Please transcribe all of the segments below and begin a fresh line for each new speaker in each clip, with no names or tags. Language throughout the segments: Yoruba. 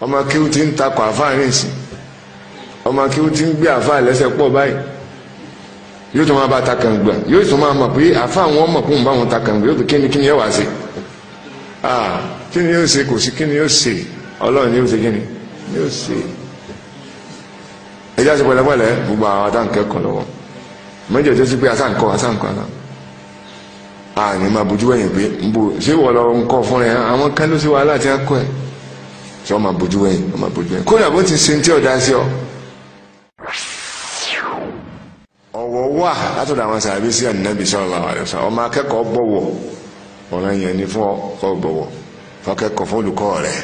ọmọ akéwù ti ń takọ àfáà ní ìsìn ọmọ akéwù ti ń gbé àfáà lẹ́sẹ̀ pọ̀ báyìí yóò tún máa bá ta kàngbà yóò tún máa mọ̀ pé àfáà wọn mọ̀ fún báwọn ta kàngbà yóò tún kíni kíni ẹ wá sí kíni yóò ṣe kò sí ni yóò ṣe ọlọ́run yóò ṣe kíni yóò ṣe. ẹjẹ́ àti pẹ̀lẹ́pẹ̀lẹ́ gbogbo àwọn adáǹkẹ́kọ̀ọ́ lọ́wọ́ mẹ́jọ tó ti pé asáǹkọ́ asáǹkọ́ náà àní máa bójú wẹ̀yìn pé ṣé wọ́n lọ ń kọ́ fún rẹ̀ àwọn kan ló ṣe wàhálà tí wọ́n ẹ̀ sọ ọmọ àbójú wẹ̀yìn ọmọ àbójú wẹ̀yìn kódà bó ti sin tí tí ọ̀dá sí ọ. ọ̀wọ̀ wà látọ̀dọ̀ àwọn sàbí sí ànábì sọ̀rọ̀ àwọn àlùfáà ọmọ akẹ́kọ̀ọ́ bọ̀wọ̀ ọ̀rọ̀ yẹn ni fún ọ bọ̀wọ̀ fọkẹ́kọ̀ọ́ fún olùkọ́ rẹ̀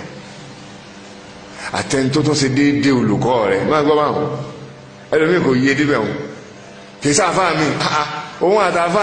àtẹnitó tó ṣe déédéé olùkọ́ rẹ̀ máa gbọ́ báwọn ẹlòmíì kò yé débẹ̀ wọn kì í sáfà mi àtàfà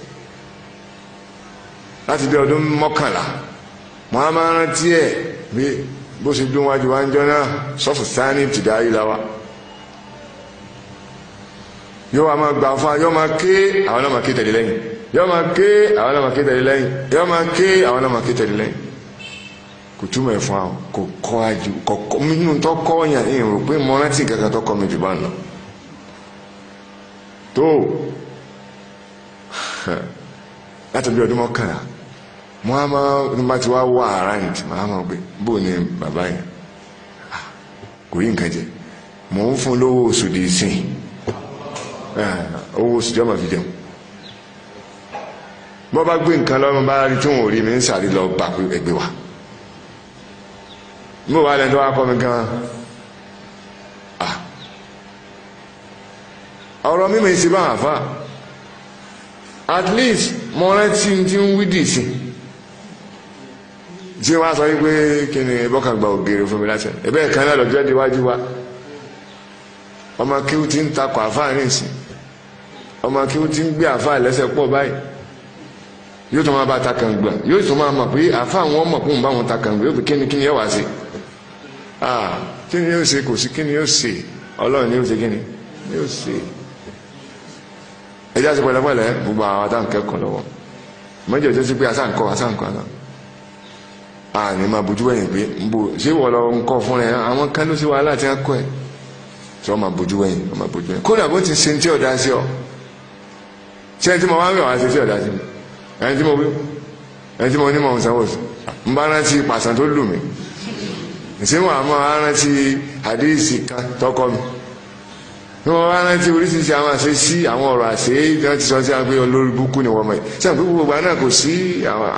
láti dé ọdún mọ́kànlá wọn a máa rántí ẹ̀ bí bó ṣe dún wájú wa ń jọ náà sọ́fù sáni ti dá yìí láwa yóò wá máa gbà fún wa yóò máa ké àwọn náà máa ké tẹ̀lé lẹ́yìn yóò máa ké àwọn náà máa ké tẹ̀lé lẹ́yìn yóò máa ké àwọn náà máa ké tẹ̀lé lẹ́yìn kò túmọ̀ ẹ̀ fún wa kò kọ́ àjù kò kọ́ nínú tó kọ́ yàn ẹ̀yìn rò pé mo rántí nǹkan tó kọ́ mi jù bá ń lọ tó láti bí ọdún mọ́kànlá mo á máa ní bá ti wá wá around màá máa gbé bò ní bàbá yẹn ah, kò rí nǹkan jẹ mò ń fún lówó oṣù di ìsìn ah, owó oṣù jọ́ fi jẹun bọ́ bá gbé nǹkan lọ́mọ bá rí tí òun ò rí mi ń sàrí lọ bá ẹgbẹ́ wa mo wà lẹ́nu tó wá kọ́ mi gan ah. ọ̀rọ̀ mímọ̀ ìsìn bá wà fà at least mo rántí ti ń wí dì sí tí wọ́n sọ wípé kí ni bọ́kà gba ògèrè fún mi láti ẹ̀ ẹ̀bẹ́ kan náà lọ́jọ́ díwájú wa ọmọ kí ó ti ń takọ̀ àfáà ní ìsìn ọmọ kí ó ti ń gbé àfáà lẹ́sẹ̀ pọ̀ báyìí yóò tún máa bá ta kàn gbà yóò tún máa mọ̀ pé àfáà wọn mọ̀ fún un báwọn ta gbà yóò fi kíni kíni yẹ wá sí kí ni yóò ṣe kò sí kí ni yóò ṣe ọlọ́run ni yóò ṣe kí ni yóò ṣe ẹjẹ́ àti pẹ̀lẹ́pẹ̀lẹ́ gbogbo àwọn atáǹkẹ́kọ̀ọ́ lọ́wọ́ mọ́jọ́ tó pé asáǹkọ́ asáǹkọ́ asáǹkọ́ àní ah, máa bójú wẹ̀yìn pé nbò ṣé wọ́n lọ ń kọ́ fún ẹ àwọn kan ló ṣe wàhálà tí wọ́n kọ́ ẹ̀ tí wọ́n máa bójú wẹ̀yìn wọ́n máa bójú wẹ̀yìn kódà bó ti ṣe ní tí ọ̀dà sí ọ ṣé ẹni tí mo wá ń rìn wá ṣe sí ọ̀dà sí mi ẹni tí mo wí ẹni tí mo ní mo ń sanwó sí n bá rántí pàṣán tó lù mí ṣé wọn àmọ́ rántí àdéhìsì kan tọkọ mi ní wọn rántí oríṣiríṣi àwọn àṣẹ sí àwọn ọ̀rọ̀ àṣẹ tí wọn ti sọ sí àwọn pé búkú ni wọn mọ ẹ sọ pé gbogbo àná kò sí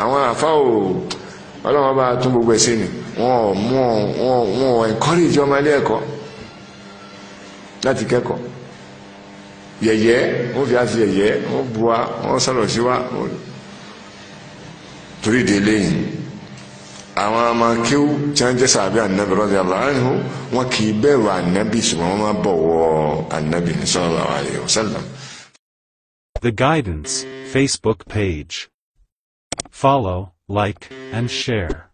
àwọn àfáà ọlọ́wọ́n bá tún gbogbo ẹ̀sìn ni wọ́n mú wọn encourage ọmọ ilé ẹ̀kọ́ láti kẹ́kọ̀ọ́ yẹ̀yẹ́ wọ́n fi àti yẹ̀yẹ́ wọ́n bu wọ́n sọ̀rọ̀ sí wa torí délé yìí àwọn ọmọ kéwú tí sàbí ànábì radiyallahu anhu wọn kì í bẹ̀rù ànábì ṣùgbọ́n wọ́n máa bọ̀wọ̀ ànábì sallallahu alayhi wa The Guidance Facebook page. Follow. like, and share.